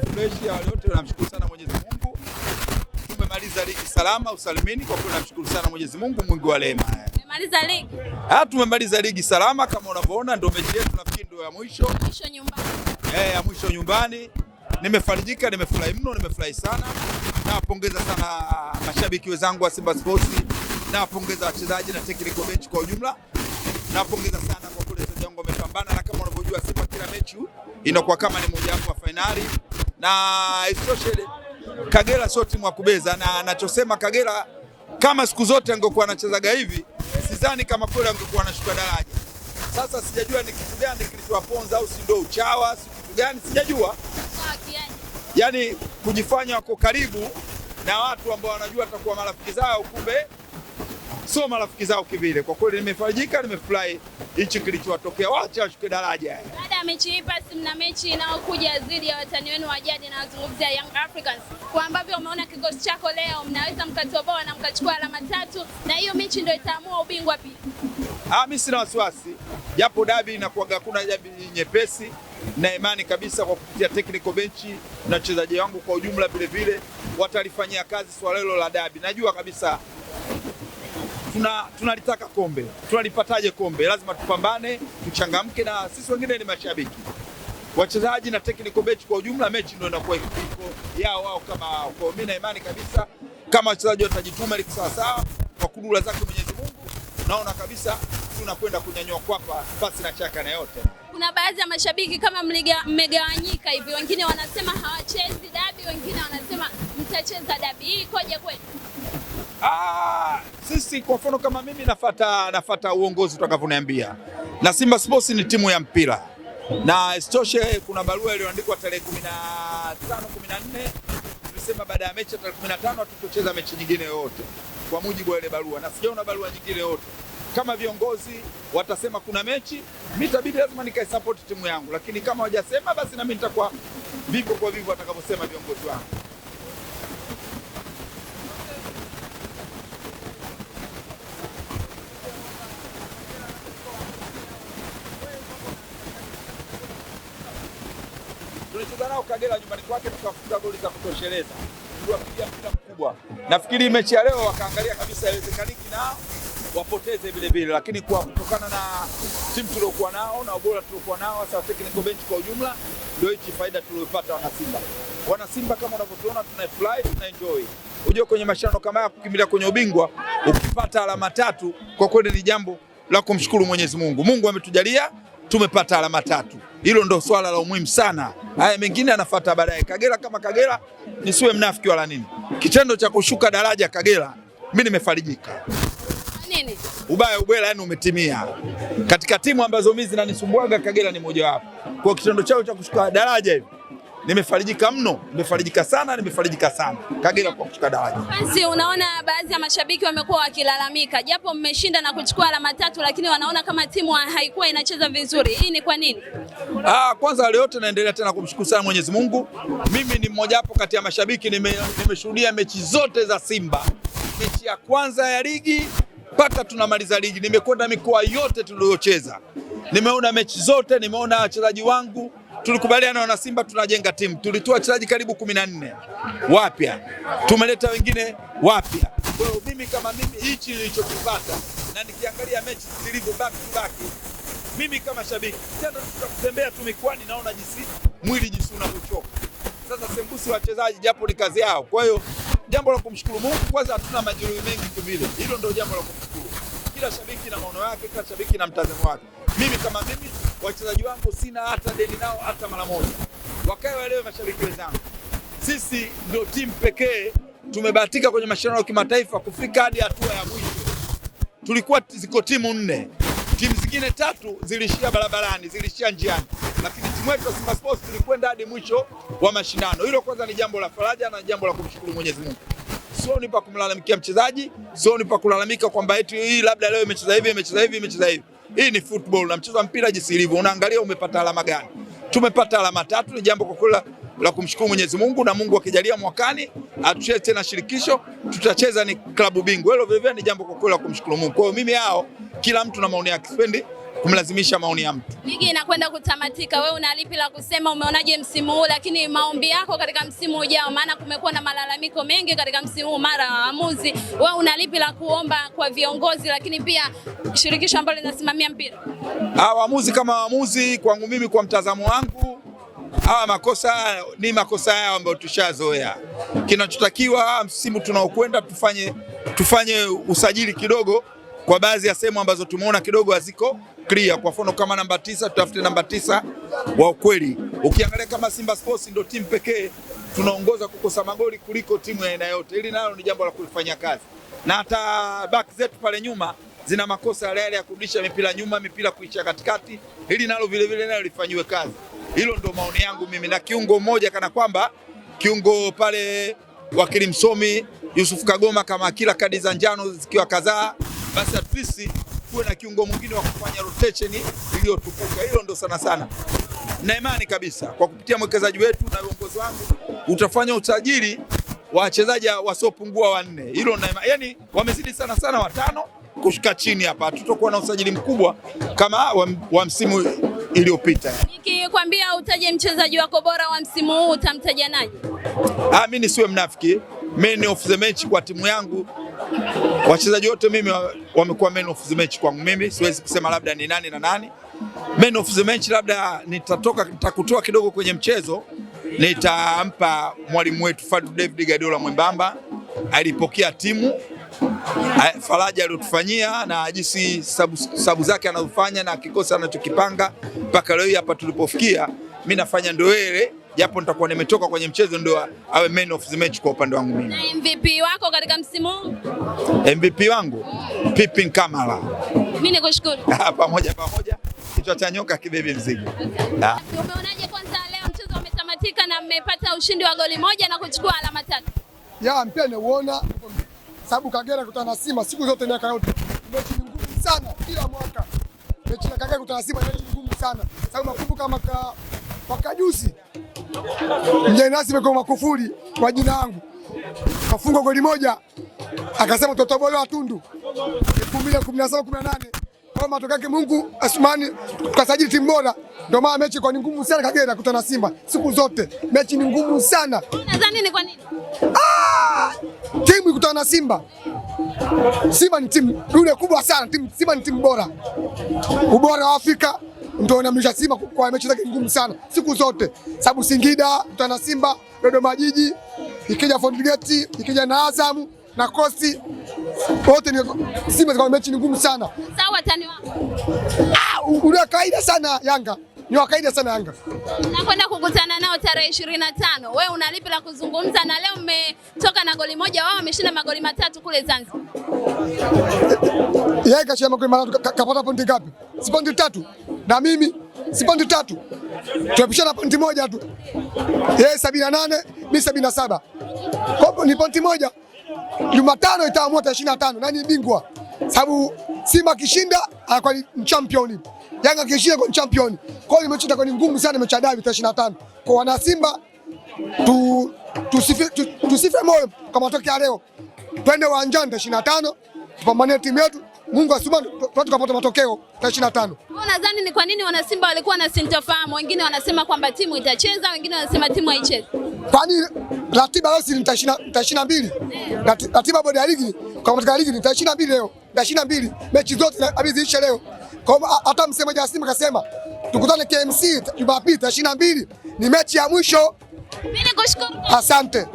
Fresh ya wote tunamshukuru sana Mwenyezi Mungu. Tumemaliza ligi salama usalimini, kwa kweli namshukuru sana Mwenyezi Mungu mwingi wa rehema. Tumemaliza ligi. Ah, tumemaliza ligi salama kama unavyoona, ndio mechi yetu nafikiri ndio ya mwisho. Mwisho nyumbani. Eh, ya mwisho nyumbani. Nimefarijika, nimefurahi mno, nimefurahi sana. Nawapongeza sana ah, mashabiki wenzangu wa Simba Sports. Nawapongeza wachezaji na technical bench kwa ujumla. Nawapongeza sana kwa kule wachezaji wangu wamepambana, na kama unavyojua Simba kila mechi inakuwa kama ni moja wapo wa fainali na isitoshe Kagera sio timu ya kubeza, na anachosema Kagera, kama siku zote angekuwa anachezaga hivi, sidhani kama kweli angekuwa anashuka daraja. Sasa sijajua ni kitu gani kilichowaponza, au si ndio uchawa, si kitu gani sijajua, yani kujifanya wako karibu na watu ambao wanajua atakuwa marafiki zao, kumbe sio marafiki zao kivile. Kwa kweli nimefarijika, nimefurahi hichi kilichowatokea, wacha washuke daraja mechi hii pasi mna mechi inayokuja dhidi ya watani wenu wa jadi na wazungumzia Young Africans. Kwa ambavyo umeona kikosi chako leo, mnaweza mkatoboa na mkachukua alama tatu, na hiyo mechi ndio itaamua ubingwa pia. Ah, mimi sina wasiwasi, japo dabi inakuwaga kuna dabi nyepesi, na imani kabisa kwa kupitia technical bench na wachezaji wangu kwa ujumla, vile vile watalifanyia kazi swala hilo la dabi. Najua kabisa tuna tunalitaka kombe. Tunalipataje kombe? Lazima tupambane, tuchangamke, na sisi wengine ni mashabiki, wachezaji na technical bench kwa ujumla. Mechi ndio inakuwa iko yao wao kama kwa mimi, na imani kabisa kama wachezaji watajituma ili sawa, kwa kudura zake Mwenyezi Mungu, naona kabisa tunakwenda kunyanyua kwapa pasi na chaka na yote. Kuna baadhi ya mashabiki kama mmegawanyika hivi, wengine wanasema hawachezi dabi, wengine wanasema mtacheza dabi. Hii ikoje kwenu? Ah, sisi kwa mfano kama mimi nafata, nafata uongozi utakavyoniambia, na Simba Sports ni timu ya mpira, na isitoshe kuna barua iliyoandikwa tarehe 15 14 tulisema baada ya mechi tarehe 15 hatutocheza mechi nyingine yoyote kwa mujibu wa ile barua, na sijaona barua nyingine yoyote. Kama viongozi watasema kuna mechi, mimi tabidi lazima nikaisapoti timu yangu, lakini kama wajasema, basi nami nitakuwa vivyo kwa vivyo watakavyosema viongozi wangu. Mandela nyumbani kwake tukafunga goli za kutosheleza, tuliwapigia mpira mkubwa. Nafikiri mechi ya leo wakaangalia kabisa haiwezekaniki na wapoteze vile vile, lakini kwa kutokana na timu tuliokuwa nao na ubora tuliokuwa nao, hasa technical bench kwa ujumla, ndio hichi faida tuliyopata. Wanasimba, wanasimba kama unavyotuona, tunafurahi tunaenjoy. Unajua, kwenye mashindano kama haya kukimbilia kwenye ubingwa ukipata alama tatu, kwa kweli ni jambo la kumshukuru Mwenyezi Mungu. Mungu ametujalia tumepata alama tatu. Hilo ndo swala la umuhimu sana. Haya mengine anafuata baadaye. Kagera kama Kagera, nisiwe mnafiki wala nini, kitendo cha kushuka daraja Kagera mimi nimefarijika. Nini? Ubaya ubwela, yani umetimia. Katika timu ambazo mimi zinanisumbuaga Kagera ni mojawapo, kwa kitendo chao cha kushuka daraja hivi Nimefarijika mno, nimefarijika sana, nimefarijika sana Kagera kwa kuchuka daraja. Fans, unaona baadhi ya mashabiki wamekuwa wakilalamika, japo mmeshinda na kuchukua alama tatu, lakini wanaona kama timu haikuwa inacheza vizuri. Hii ni kwa nini? Ah, kwanza leo yote naendelea tena kumshukuru sana Mwenyezi Mungu. Mimi ni mmoja hapo kati ya mashabiki, nimeshuhudia nime mechi zote za Simba, mechi ya kwanza ya ligi mpaka tunamaliza ligi, nimekwenda mikoa yote tuliyocheza, nimeona mechi zote, nimeona wachezaji wangu tulikubaliana na Simba tunajenga timu, tulitoa wachezaji karibu kumi na nne wapya, tumeleta wengine wapya. Kwa hiyo mimi kama mimi hichi nilichokipata na nikiangalia mechi zilivyo back to back, mimi kama shabiki tena tutakutembea tu mikwani, naona jinsi mwili jinsi unavyochoka. Sasa sembusi wachezaji, japo ni kazi yao. Kwa hiyo jambo la kumshukuru Mungu kwanza, hatuna majeruhi mengi kivile, hilo ndio jambo la kumshukuru. Kila shabiki na maono yake, kila shabiki na mtazamo wake. Mimi kama mimi wachezaji wangu sina hata deni nao hata mara moja. Wakae waelewe mashabiki wenzangu, sisi ndio timu pekee tumebahatika kwenye mashindano ya kimataifa kufika hadi hatua ya mwisho. Tulikuwa ziko timu nne, timu zingine tatu zilishia barabarani, zilishia njiani, lakini timu yetu ya Simba Sports tulikwenda hadi mwisho wa mashindano. Hilo kwanza ni jambo la faraja na jambo la kumshukuru Mwenyezi Mungu. Sio ni pa kumlalamikia mchezaji, sio ni pa kulalamika kwamba eti hii labda leo imecheza hivi imecheza hivi imecheza hivi. Hii ni football na mchezo wa mpira jinsi ilivyo, unaangalia umepata alama gani. Tumepata alama tatu, ni jambo kwa kweli la kumshukuru Mwenyezi Mungu, na Mungu akijalia mwakani atucheze tena shirikisho, tutacheza ni klabu bingwa. Hilo ni jambo kwa kweli la kumshukuru Mungu. Kwa hiyo mimi hao, kila mtu na maoni yake, sipendi kumlazimisha maoni ya mtu. Ligi inakwenda kutamatika, wewe una lipi la kusema? Umeonaje msimu huu, lakini maombi yako katika msimu ujao? Maana kumekuwa na malalamiko mengi katika msimu huu mara waamuzi. Wewe una lipi la kuomba kwa viongozi, lakini pia shirikisho ambalo linasimamia mpira? Ah, waamuzi kama waamuzi, kwangu mimi, kwa mtazamo wangu, hawa makosa ni makosa yao ambayo tushazoea. Kinachotakiwa msimu tunaokwenda tufanye, tufanye usajili kidogo kwa baadhi ya sehemu ambazo tumeona kidogo haziko clear. Kwa mfano kama namba tisa, tutafute namba tisa wa ukweli. Ukiangalia kama Simba Sports ndio timu pekee tunaongoza kukosa magoli kuliko timu ya aina yote, hili nalo ni jambo la kulifanyia kazi, na hata back zetu pale nyuma zina makosa yale yale ya kurudisha mipira nyuma, mipira kuisha katikati, hili nalo vile nalo lifanywe kazi. Hilo ndo maoni yangu mimi, na kiungo mmoja kana kwamba kiungo pale wakili msomi Yusuf Kagoma, kama kila kadi za njano zikiwa kadhaa basi at least kuwe na kiungo mwingine wa kufanya rotation iliyotukuka. Hilo ndo sana sana, na imani kabisa kwa kupitia mwekezaji wetu na uongozi wangu utafanya usajili wa wachezaji wasiopungua wanne. Hilo na imani, yani wamezidi sana sana watano kushuka chini hapa, tutakuwa na usajili mkubwa kama wa, wa msimu iliyopita. Nikikwambia utaje mchezaji wako bora wa msimu huu utamtaja naje? Ah, mimi nisiwe mnafiki man of the match kwa timu yangu. Wachezaji wote mimi wamekuwa man of the match kwangu mimi, siwezi kusema labda ni nani na nani. Man of the match labda nitatoka, nitakutoa kidogo kwenye mchezo, nitampa mwalimu wetu Fadu David Gadola mwembamba, alipokea timu faraja aliyotufanyia na jinsi sabu, sabu zake anazofanya na kikosi anachokipanga mpaka leo hapa tulipofikia, mi nafanya ndoele japo nitakuwa nimetoka kwenye mchezo, ndio awe man of the match kwa upande wangu mimi. Na MVP wako katika msimu huu? MVP wangu Pipin Kamala. Mimi nikushukuru. Ah, pamoja pamoja, kichwa cha nyoka kibebe mzigo. Ah. Umeonaje kwanza leo mchezo umetamatika na mmepata ushindi wa goli moja na kuchukua alama tatu? Ya mpia nimeuona sababu Kagera kutana na Simba siku zote ni mechi ni ngumu sana kila mwaka. Mechi ya Kagera kutana na Simba ni ngumu sana sababu makumbuka mwaka juzi mjanasi mekoma makufuri kwa jina langu, kafunga goli moja, akasema mtoto bora wa Tundu 2017 18 kwa matokeo yake Mungu Asmani tukasajili timu bora, ndio maana mechi kwa ni ngumu sana. Kagera kutana na Simba siku zote mechi ni ngumu sana. Nadhani ni kwa nini ah, timu ikutana na Simba. Simba ni timu dule kubwa sana, timu Simba ni timu bora, ubora wa Afrika ndio inamlisha Simba kwa mechi zake ngumu sana siku zote, sababu Singida mtana Simba, Dodoma Jiji, ikija Fountain ikija na Azam na Coast wote ni Simba kwa mechi ngumu sana. Sawa, Tani wangu ah, ule kaida sana Yanga ni wa sana Yanga. Nakwenda kukutana nao tarehe 25. Wewe una lipi la kuzungumza? Na leo mmetoka na goli moja, wao wameshinda magoli matatu kule Zanzibar. Yeye kashinda magoli matatu, kapata pointi ngapi? Si pointi tatu na mimi si pointi tatu, tumepishana pointi moja tu, yeye sabini na nane mimi sabini na saba kwa ni pointi moja. Jumatano itaamua tarehe ishirini na tano nani bingwa, sababu Simba kishinda anakuwa ni champion, Yanga kishinda kwa champion. Kwa hiyo mechi itakuwa ni ngumu sana, mechi ya dabi tarehe ishirini na tano kwa wana Simba tu, tusife, tu, tusife moyo kwa matokeo ya leo, twende uwanjani tarehe ishirini na tano tupambanie timu yetu. Mungu asubiri tukapata matokeo ya 25. Unadhani ni kwa nini wana Simba walikuwa na sintofahamu? Wengine wanasema kwamba timu itacheza, wengine wanasema timu haichezi. Kwani ratiba rasmi ni tarehe 22. Eh. Ratiba bodi ya ligi kwa katika ligi ni tarehe 22 leo. Tarehe 22 mechi zote abizi ziishe leo. Kwa hiyo hata msemaji wa Simba kasema tukutane KMC Jumapili tarehe 22 ni mechi ya mwisho. Mimi nikushukuru. Asante.